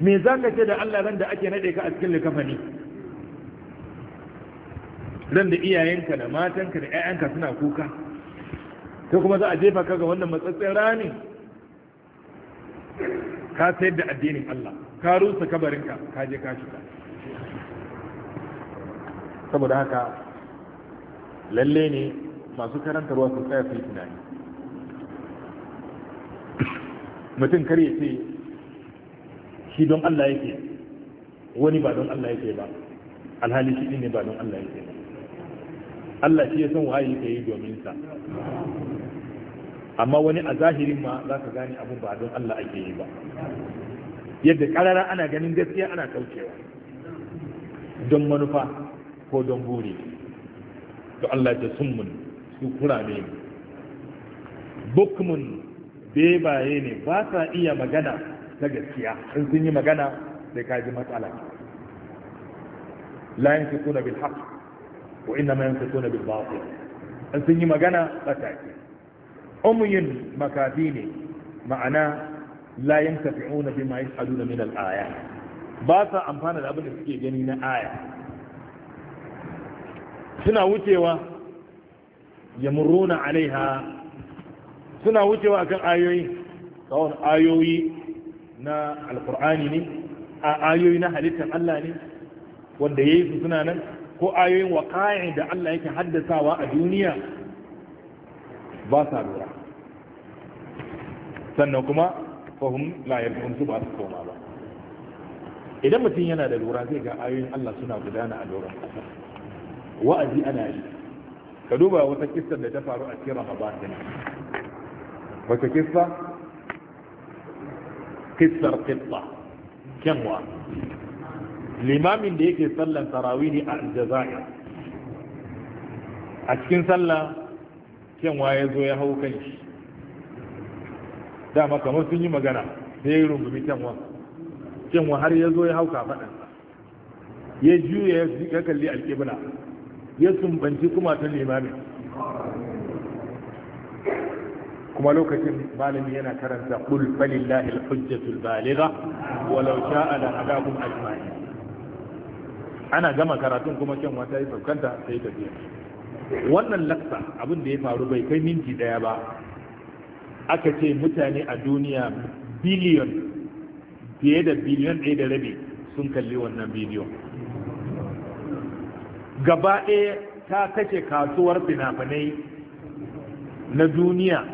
me za ka ce da Allah ran da ake nade ka a cikin likafani ran da iyayenka da matanka da ƴaƴanka suna kuka to kuma za a jefa ka ga wannan matsatsin rani ka sayar da addinin Allah ka rusa kabarinka ka je ka shiga saboda haka lalle ne masu karantarwa su tsaya su yi tunani mutum kar ya ce shi don Allah yake wani ba don Allah yake ba alhali shi ne ba don Allah yake ba Allah shi ya san waye yake yi domin sa amma wani a zahirin ma za ka gane abin ba don Allah ake yi ba yadda karara ana ganin gaskiya ana kaucewa don manufa ko don buri to Allah ya mun su kura ne bukmun bebaye ne ba sa iya magana ta gaskiya in sun yi magana sai ka ji matsala la kuna bil haqq wa innama yanfiquna bil batil in sun yi magana ba ta ce umyun makafi ne ma'ana la yantafi'una bima yas'aluna min al-aya ba sa amfana da abin da suke gani na aya suna wucewa yamuruna alaiha suna wucewa akan ayoyi kawon ayoyi na alkur'ani ne a ayoyi na halittar Allah ne wanda ya yi su suna nan ko ayoyin waqa'i da Allah yake haddasawa a duniya ba sa lura sannan kuma fahim la yarjun ba su koma ba idan mutum yana da lura zai ga ayoyin Allah suna gudana a lura wa'azi ana yi ka duba wata kista da ta faru a cikin ne wata kista kistar kista kyanwa. limamin da yake sallan tarawih a Aljazair a cikin sallah kyanwa ya zo ya hau kan shi dama kamar sun yi magana sai ya yi rungumi kyanwa kyanwa har ya zo ya hauka kafaɗansa ya juya ya kalli alƙibla ya sumbanci kuma ta limamin kuma lokacin malami yana karanta kul lahil alhujjatul baligha walau sha'a da hadakum ajma'in ana gama karatun kuma kyanwa ta yi saukanta sai tafiya wannan laksa abin da ya faru bai kai minti daya ba aka ce mutane a duniya biliyon fiye da biliyon ɗaya da rabi sun kalli wannan bidiyon gaba ɗaya ta kashe kasuwar fina na duniya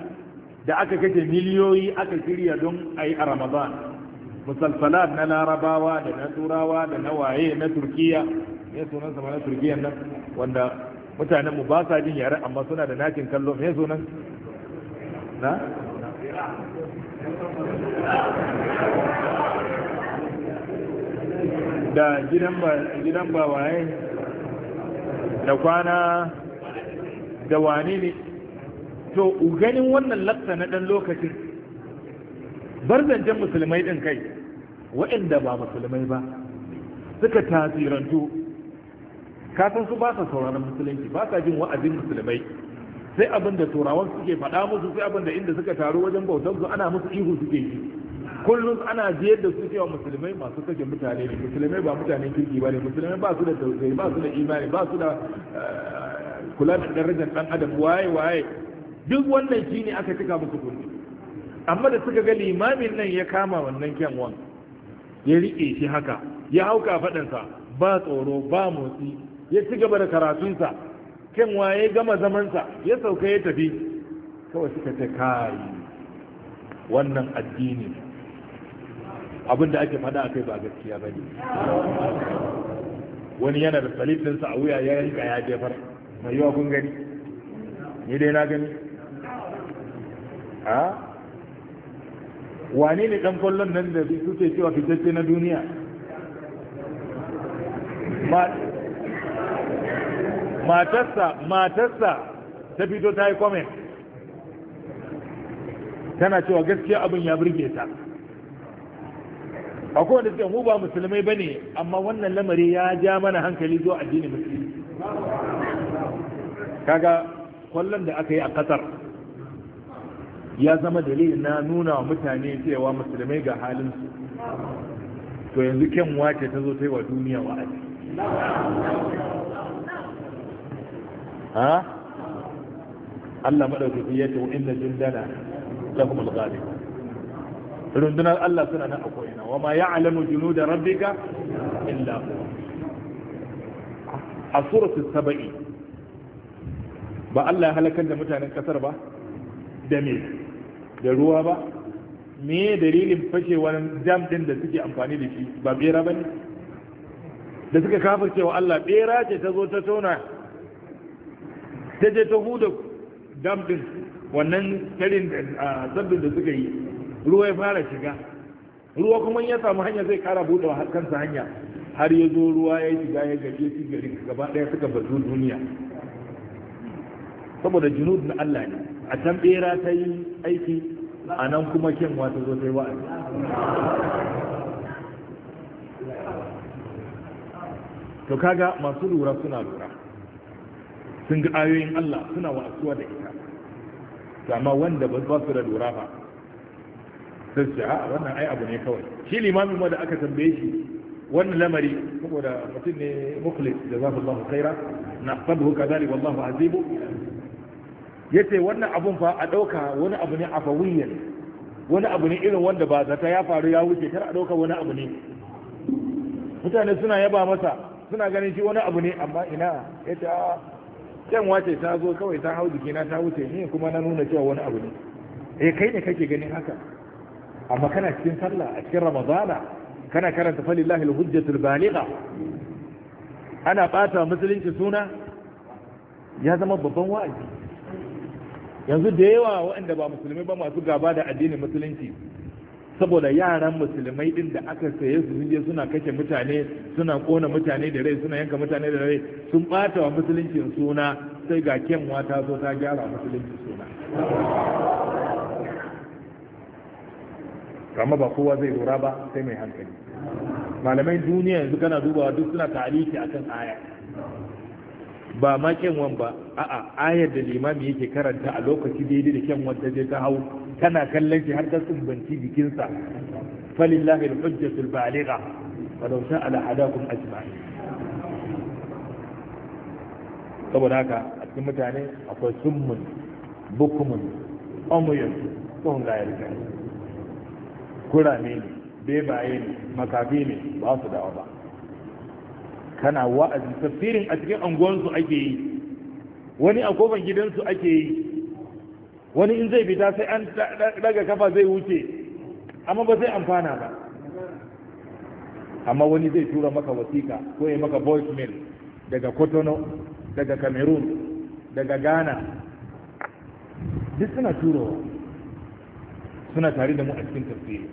da aka kashe miliyoyi aka shirya don a yi a ramadan musalsalat na larabawa da na turawa da na waye na turkiya ne sunan sama na turkiya nan wanda mutanenmu ba sa jin yare amma suna da nakin kallo ne sunan na da gidan ba waye da kwana da wane ne to ganin wannan latta na ɗan lokacin barzancin musulmai ɗin kai waɗanda ba musulmai ba suka tasirantu kasan su ba sa sauraron musulunci ba sa jin wa'azin musulmai sai abin da turawan suke faɗa musu sai abin da inda suka taru wajen bautar su ana musu ihu suke yi kullum ana jiyar da su cewa musulmai masu kashe mutane ne musulmai ba mutanen kirki ba ne musulmai ba su da tausayi ba su da imani ba su da eh, kula da darajar dan adam waye waye duk wannan shine aka cika musu kulli amma da suka ga limamin nan ya kama wannan kyanwan ya riƙe shi haka ya hauka faɗansa ba tsoro ba motsi ya ci gaba da karatunsa kyanwa ya gama zamansa ya sauka ya tafi kawai suka ce kai wannan addini abinda ake fada a kai ba gaskiya ba ne wani yana da sa a wuya ya rika ya jefar mai yiwa kun gani ni dai na gani ha? Ah? Wani ne dan kwallon nan da suke cewa fitacce na duniya matarsa matarsa ta fito ta yi comment tana cewa gaskiya abin ya burge ta a kowane suke mu ba musulmai ba ne amma wannan lamari ya ja mana hankali zuwa addini musulmi kaga kwallon da aka yi a ƙasar ya zama dalilin na nuna wa mutane cewa musulmai ga halin halinsu to yanzu kyanwa ce ta zo ta yi wa duniya wa'azi ha Allah madaukaki ya ce wa inna jundana lahum al-ghalib rundunar Allah suna nan akwai na wa ma ya'lamu junuda rabbika illa hu a suratul saba'i ba Allah ya halakar da mutanen kasar ba da me da ruwa ba me dalilin fashewar jam din da suke amfani da shi ba bera bane da suka kafirce wa Allah bera ce ta zo ta tona ta je ta huda damɗin wannan tarin zabbin da suka yi ruwa ya fara shiga ruwa kuma ya samu hanya zai kara buɗe kansa hanya har ya zo ruwa ya shiga ya gaje shi garin gaba ɗaya suka bazu duniya saboda junud na Allah ne a can bera ta yi aiki a nan kuma kyanwa wata zo ta yi wa'azi to kaga masu lura suna lura sun ga ayoyin Allah suna wasuwa da ita amma wanda ba su da lura ba sai su a wannan ai abu ne kawai shi limamin ma da aka tambaye shi wannan lamari saboda mutum ne mukhlis Allah khaira fadhu kadhalik wallahu azibu yace wannan abun fa a dauka wani abu ne afawiyyan wani abu ne irin wanda ba zata ya faru ya wuce kar a dauka wani abu ne mutane suna yaba masa suna ganin shi wani abu ne amma ina yace can wace ta zo kawai ta hau jikina ta wuce ni kuma na nuna cewa wani abu ne eh kai ne kake ganin haka amma kana cikin sallah a cikin ramadana kana karanta falillahi alhujjatul baligha ana bata musulunci suna ya zama babban wa'azi yanzu da yawa waɗanda ba musulmi ba masu gaba da addinin musulunci saboda yaran musulmai din da aka saye su je suna kashe mutane suna kona mutane da rai suna yanka mutane da rai sun bata wa musulunci suna sai ga kyanwa ta zo ta gyara musulunci suna Kama ba kowa zai lura ba sai mai hankali malamai duniya yanzu kana dubawa duk suna tarihi akan aya ba ma kyanwan ba a'a ayar da limami yake karanta a lokaci daidai da kyanwan ta je ta hau kana kallon shi har ka sumbanci jikinsa falillahi alhujjatul baligha wa law sha'a la hadakum ajma'in saboda haka a cikin mutane akwai summun bukumun omuyun tsohon gayar kai kurame ne bebaye ne makafi ne ba su dawa ba kana wa'azi tafsirin a cikin anguwansu ake yi wani a kofan gidansu ake yi wani in zai fita sai an daga kafa zai wuce amma ba zai amfana ba amma wani zai tura maka wasiƙa ko ya maka voicemail daga kotono daga cameroon daga ghana duk suna turowa suna tare da mu a cikin tafiye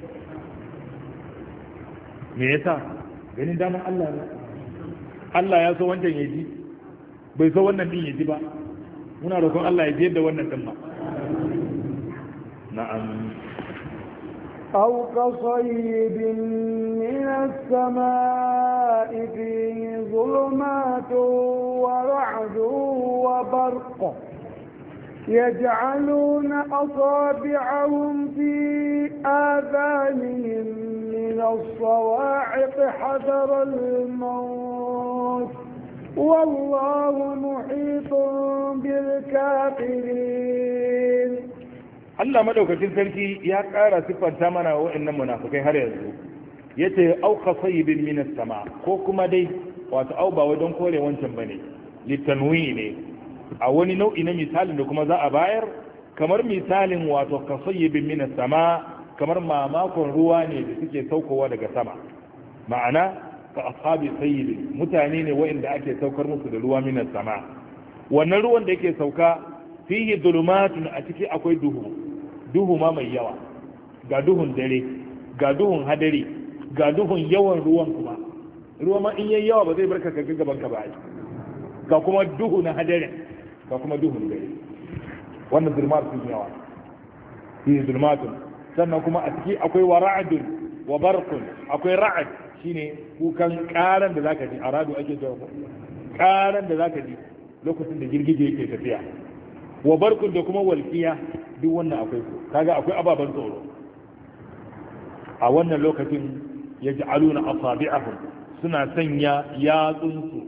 me yasa ganin daman allah ne allah ya so wancan ya ji bai so wannan din ya ji ba muna roƙon allah ya ji yadda wannan din ba نعم أو كصيب من السماء فيه ظلمات ورعد وبرق يجعلون أصابعهم في آذانهم من الصواعق حذر الموت والله محيط بالكافرين Allah madaukakin sarki ya ƙara siffanta mana wa'annan munafukai har yanzu yace au khasayibin minas sama ko kuma dai wato au ba wajen kore wancan bane litanwi ne a wani nau'i na misalin da kuma za a bayar kamar misalin wato kasayibin minas sama kamar makon ruwa ne da suke saukowa daga sama ma'ana ka ashabi sayyidi mutane ne wa'inda ake saukar musu da ruwa minas sama wannan ruwan da yake sauka fihi dhulumatun a ciki akwai duhu duhu ma mai yawa ga duhun dare ga duhun hadari ga duhun yawan ruwan kuma ruwa ma in yayi yawa ba zai barka kaga ga gaban ka ba ga kuma duhu na hadarin ga kuma duhun dare wannan dhulumatun yawa fihi dhulumatun sannan kuma a ciki akwai wara'adun wa barqun akwai ra'ad shine kukan karan da zaka ji a ake cewa karan da zaka ji lokacin da girgije yake tafiya wa barkun da kuma walƙiya duk wannan akwai su kaga akwai ababan tsoro a wannan lokacin yaj'aluna asabi'ahum suna sanya yatsunsu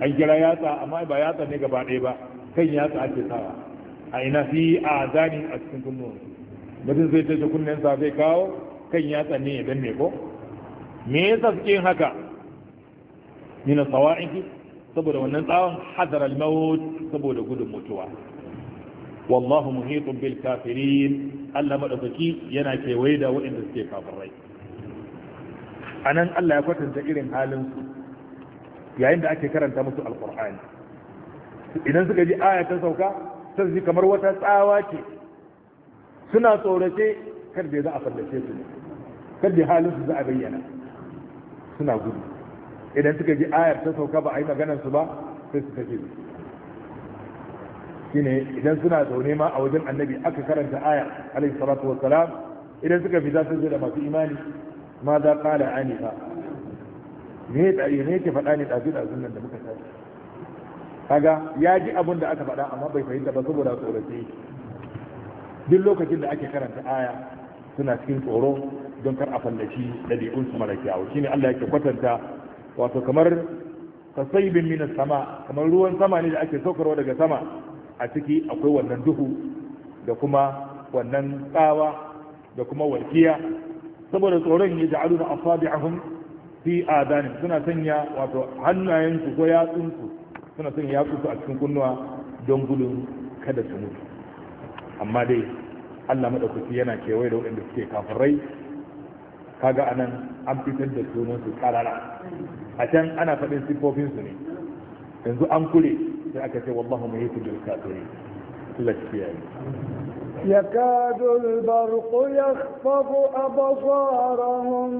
an kira yatsa amma ba yatsa ne gaba ɗaya ba kan yatsa ake sawa a ina fi a zani a cikin kunnuwansu mutum zai tashi sa zai kawo kan yatsa ne ya danne ko me yasa suke haka min sawa'iki saboda wannan tsawon hadar al-maut saboda gudun mutuwa wallahu muhitun bil kafirin Allah madaukaki yana kewaye da waɗanda suke kafirai anan Allah ya kwatanta irin halin su yayin da ake karanta musu alqur'ani idan suka ji aya ta sauka sai su kamar wata tsawa ce suna tsorace kar da za a fallace su kar da halin su za a bayyana suna gudu idan suka ji ayar ta sauka ba a yi su ba sai su tafi shine idan suna zaune ma a wajen annabi aka karanta aya alaihi salatu wassalam idan suka fi za su da masu imani ma za kala ani ba me ne yake faɗa ne ɗazu ɗazun nan da muka sa kaga ya ji abin da aka faɗa amma bai fahimta ba saboda tsorace duk lokacin da ake karanta aya suna cikin tsoro don kar a fallaci ɗabi'unsu mara kyawu shine Allah yake kwatanta wato kamar kasaibin minas sama kamar ruwan sama ne da ake saukarwa daga sama a ciki akwai wannan duhu da kuma wannan tsawa da kuma walkiya saboda tsoron ya ja'alu a asabi'ahum fi adani suna sanya wato hannayensu ko yatsunsu suna sanya yatsunsu a cikin kunnuwa don gudun kada su mutu amma dai Allah madaukaki yana kewaye da waɗanda suke kafirai kaga anan an fitar da sunan su karara a can ana faɗin siffofin su ne yanzu an kure sai aka ce wallahu muhitu bil kafirin Allah kiyaye يكاد البرق يخفض أبصارهم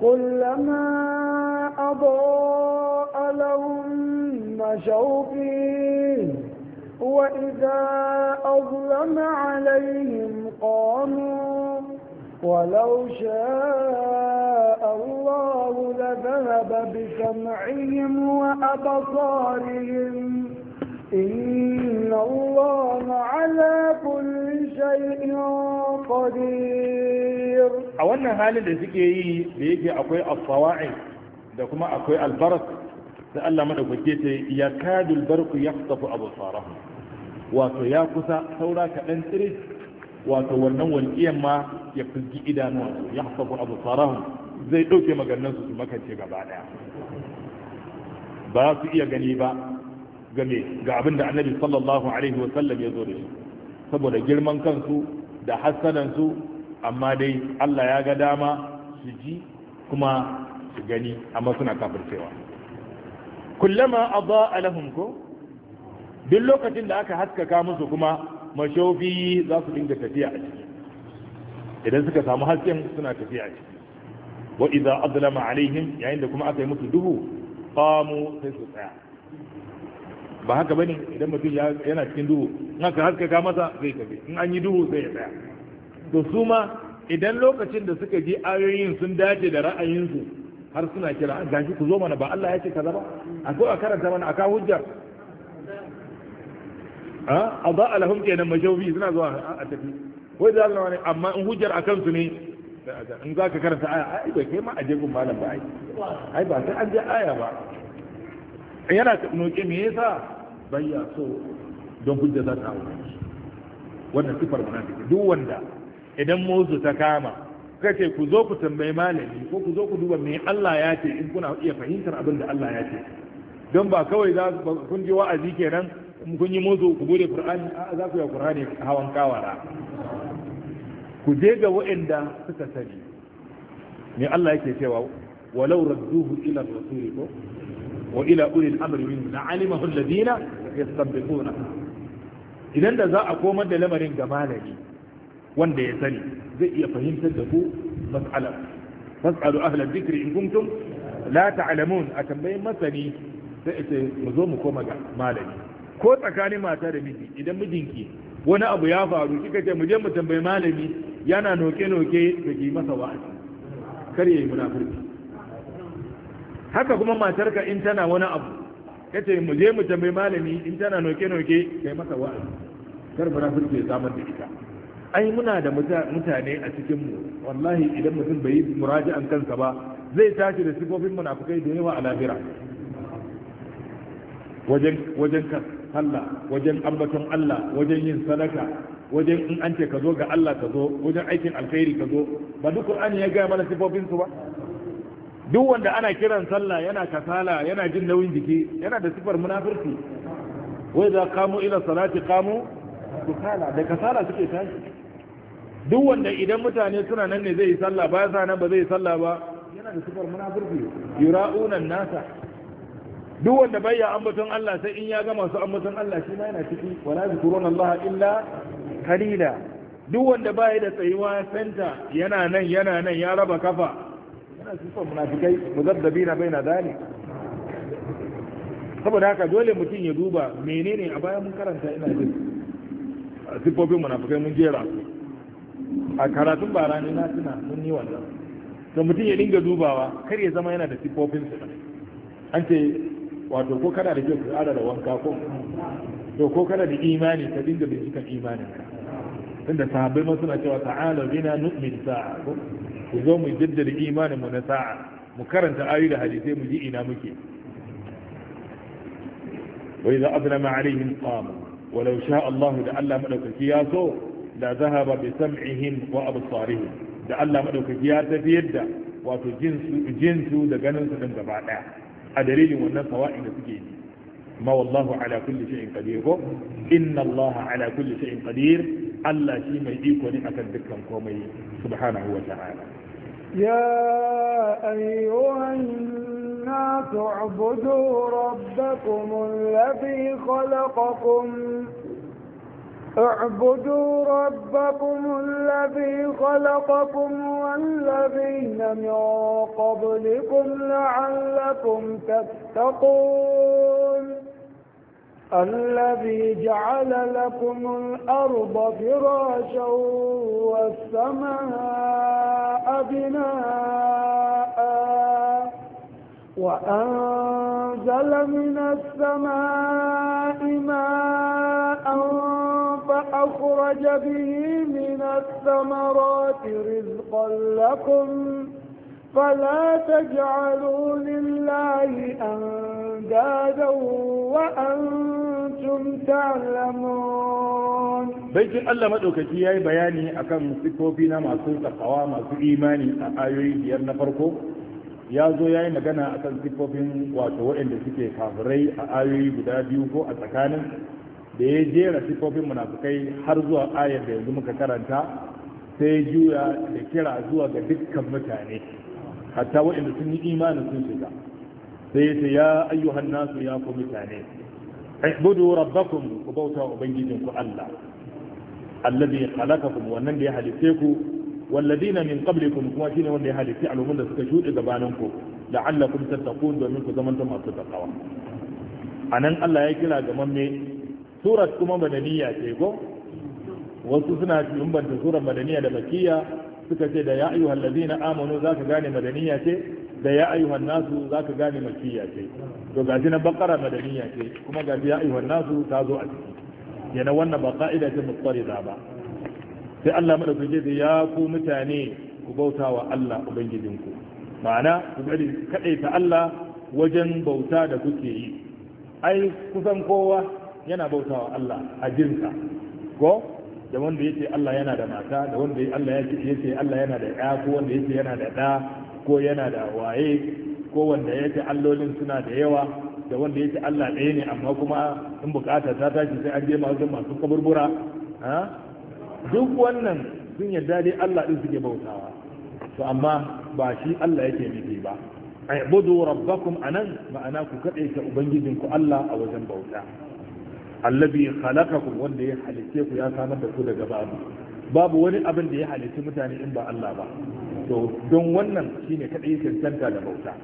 كلما kullama abu مشوا فيه وإذا أظلم عليهم قاموا ولو شاء الله لذهب بسمعهم وأبصارهم إن الله على كل شيء قدير أولا هالي لذكي ليجي أكوي الصواعي لكما أكوي البرق سألا من أبجيتي يكاد البرق يخطف أبصارهم وكياكسا ثورة كأنتريس wato wannan walƙiyan ma ya fulgi idanuwa ya hasabu abu sarahu zai ɗauke maganin su makance gaba ɗaya ba su iya gani ba game ga abin da annabi sallallahu alaihi wa sallam ya zo da shi saboda girman kansu da hassanansu amma dai Allah ya ga dama su ji kuma su gani amma suna kafircewa kullama adha lahum ko duk lokacin da aka haskaka musu kuma mashofi za su dinga tafiya a ciki idan suka samu hasken suna tafiya a ciki wa idza azlama alaihim yayin da kuma aka yi musu duhu qamu sai su tsaya ba haka bane idan mutum yana cikin duhu in aka haskaka masa zai tafi in an yi duhu sai ya tsaya to su ma idan lokacin da suka ji ayoyin sun dace da ra'ayinsu har suna kira gashi ku zo mana ba Allah ya ce kaza ba a zo a karanta mana a hujjar a ba a lahun kenan majaubi suna zuwa a tafi wai da zama ne amma in hujjar a kansu ne in za ka karanta aya ai bai kai ma a jirgin malam ba ai ai ba sai an je aya ba yana noke me yasa bayya so don hujja za ta hawa wannan sifar munafiki duk wanda idan mozu ta kama kace ku zo ku tambayi malami ko ku zo ku duba me Allah ya ce in kuna iya fahimtar abin da Allah ya ce don ba kawai za kun ji wa'azi kenan kun yi mozo ku bude qur'ani a za ku yi qur'ani hawan kawara ku je ga wa'anda suka sani me Allah yake cewa walau radduhu ila rasul ko wa ila ulil amri minhum la'alimahu alladhina yastanbiquna idan da za a komar da lamarin ga malami wanda ya sani zai iya fahimtar da ku mas'ala fas'alu ahla dhikri in kuntum la ta'lamun a tambayin masani sai ce mu zo mu koma ga malami ko tsakanin mata da miji idan mijinki wani abu ya faru kika ce mu je mu tambayi malami yana noke-noke da ki masa wa'azi kar yayi munafiki haka kuma matarka in tana wani abu kace mu je mu tambayi malami in tana noke-noke kai masa wa'azi kar munafiki ya samar da ita ai muna da mutane a cikin mu wallahi idan mutum bai yi muraji'an kansa ba zai tashi da sifofin munafukai da yawa a lafira wajen wajen kansa sallah wajen ambaton Allah wajen yin sadaka wajen in an ce ka zo ga Allah ka zo wajen aikin alkhairi ka zo ba duk Qur'ani ya gaya mana sifofin su ba duk wanda ana kiran sallah yana kasala yana jin nauyin jiki yana da sifar munafurci wai za kamu ila salati kamu kasala da kasala suke tashi duk wanda idan mutane suna nan ne zai yi sallah ba sa nan ba zai yi sallah ba yana da sifar munafurci yura'unan nasa duk wanda bayya ambaton Allah sai in ya gama su ambaton Allah shi ma yana ciki wala zikrun Allah illa qalila duk wanda baya da tsayuwa santa yana nan yana nan ya raba kafa yana sifar munafikai muzabbina baina dali saboda haka dole mutum ya duba menene a bayan mun karanta ina jin siffofin munafikai mun jera a karatun barani na tuna mun yi wannan to mutum ya dinga dubawa kar ya zama yana da siffofin su an ce wato ko kana da kyau ka da wanka ko to ko kana da imani ka dinga bincikan imanin ka tunda sahabbai ma suna cewa ta'ala bina nu'min sa'a ko ku zo mu jaddada imanin mu na sa'a mu karanta ayoyi da hadisai mu ji ina muke wa idza azlama alaihim qamu ولو شاء الله لألا مدوكك يا سو لذهب بسمعهم وأبصارهم لألا مدوكك يا تفيد وتجنسوا دقنسوا gaba دقنسوا a dalilin wannan sawa'in da suke yi ma wallahu ala kulli shay'in qadir ko inna allaha ala kulli shay'in qadir Allah shi mai iko ne akan dukkan komai subhanahu wa ta'ala ya ayyuhan الناس اعبدوا ربكم الذي خلقكم اعبدوا ربكم الذي خلقكم والذين من قبلكم لعلكم تتقون الذي جعل لكم الأرض فراشا والسماء بناءً وأنزل من السماء ماء فأخرج به من الثمرات رزقا لكم فلا تجعلوا لله أندادا وأنتم تعلمون بيت الله مدوك يا بياني أكم سكوفينا مع سلطة قوام في إيماني أعيوي ديالنا فرقو ya zo ya yi magana a kan siffofin wato waɗanda suke kafirai a ayoyi guda biyu ko a tsakanin da ya jera siffofin munafukai har zuwa ayar da yanzu muka karanta sai juya da kira zuwa ga dukkan mutane hatta waɗanda sun yi imanin sun shiga sai ce ya ayyuhan nasu ya ku mutane ibudu rabbakum ku bauta ubangijinku Allah allazi khalaqakum wannan da ya halitte ku والذين من قبلكم كما شيء wanda ya halitta al'ummar da suka shuɗe gabaninku la'allakum tattaqun domin ku zamanta masu takawa anan Allah ya kira ga mamme surat kuma madaniya ce ko wasu suna bambanta surar madaniya da makkiya suka ce da ya ayyuhal ladina amanu zaka gane madaniya ce da ya ayyuhan nasu zaka gane makkiya ce to gashi na bakara madaniya ce kuma gashi ya ayyuhan nasu ta zo a ciki yana wannan ba ka'ida ce mutsarida ba sai Allah madaukake da ya ku mutane ku bauta wa Allah ubangijinku ma'ana ku bari ta Allah wajen bauta da kuke yi ai kusan kowa yana bauta wa Allah a jinsa ko da wanda yake Allah yana da mata da wanda Allah yake Allah yana da ya ko wanda yake yana da da ko yana da waye ko wanda yake allolin suna da yawa da wanda yake Allah ɗaya ne amma kuma in bukata ta tashi sai an je masu masu kaburbura duk wannan sun yarda dai Allah din suke bautawa to amma ba shi Allah yake nufi ba a'budu rabbakum anan ma'ana ku kade ta ubangijinku Allah a wajen bauta allazi khalaqakum wanda ya halice ku ya samar da ku daga babu babu wani abin da ya halice mutane in ba Allah ba to don wannan shine kada yake cancanta da bauta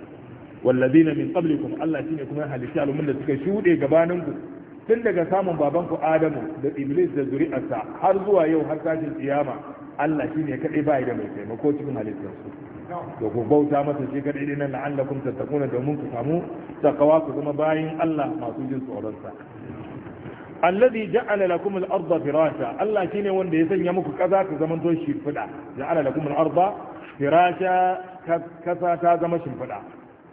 wallazina min qablikum Allah shine kuma halice alumin da suka shude gabaninku? ku tun daga samun babanku adamu da iblis da zuri'arsa har zuwa yau har tashin tsiyama, Allah shi ne kaɗai ba da mai taimako cikin halittarsu da ku bauta masa shi kaɗai dinan la'allakum tattakuna domin ku samu takawa ku zama bayin Allah masu jin tsoronsa alladhi ja'ala lakum al-ardha firasha Allah shine wanda ya sanya muku kaza ta zaman to shimfida ja'ala lakum al-ardha firasha kasa ta zama shimfida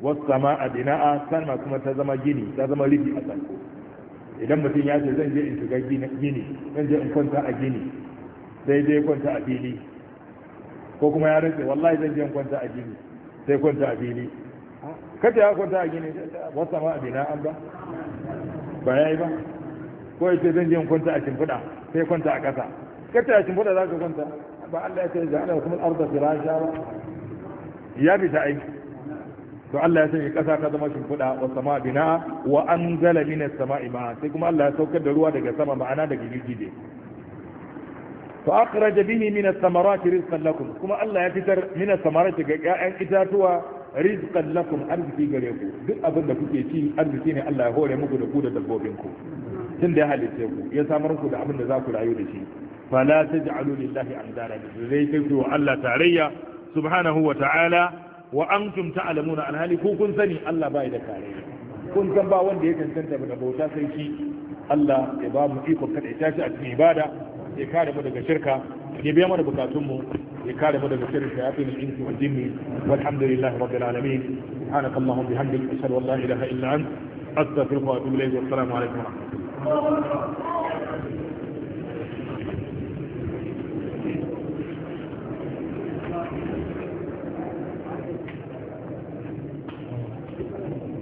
was sama'a bina'a sama kuma ta zama gini ta zama rifi a sarko idan mutum ya ce zan je in shiga gini zan je in kwanta a gini sai dai kwanta a fili ko kuma ya rantse wallahi zan je in kwanta a gini sai kwanta a fili kada ya kwanta a gini wasa ma abina an ba ba ya yi ba ko ya ce zan je in kwanta a shimfiɗa sai kwanta a ƙasa kada ya shimfiɗa za ka kwanta ba Allah ya ce ja'ala kuma arda firasha ya bi ta aiki to Allah ya sanya kasa ta zama shimfiɗa wa sama bina wa anzala minas sama'i ma'a sai kuma Allah ya saukar da ruwa daga sama ma'ana daga girgije fa akhraja bihi minas samarati rizqan lakum kuma Allah ya fitar minas samarati ga ƴaƴan itatuwa rizqan lakum arziki gare ku duk abin da kuke ci arziki ne Allah ya hore muku da ku da dabbobin ku tun da ya halitta ku ya samar ku da abin da za ku rayu da shi fala taj'alu lillahi andara zai kai ku Allah tarayya subhanahu wa ta'ala wa antum ta'lamuna alhali ko kun sani Allah bai da kare kun san ba wanda ya cancanta da bauta sai shi Allah ya ba mu iko kada ya tashi a cikin ibada ya kare mu daga shirka ya biya mana bukatun mu ya kare mu daga shirka ya fi insu wal jinni walhamdulillahi rabbil alamin subhanak allahumma bihamdika ashhadu an la ilaha illa anta astaghfiruka wa atubu ilayk wa assalamu alaikum wa rahmatullahi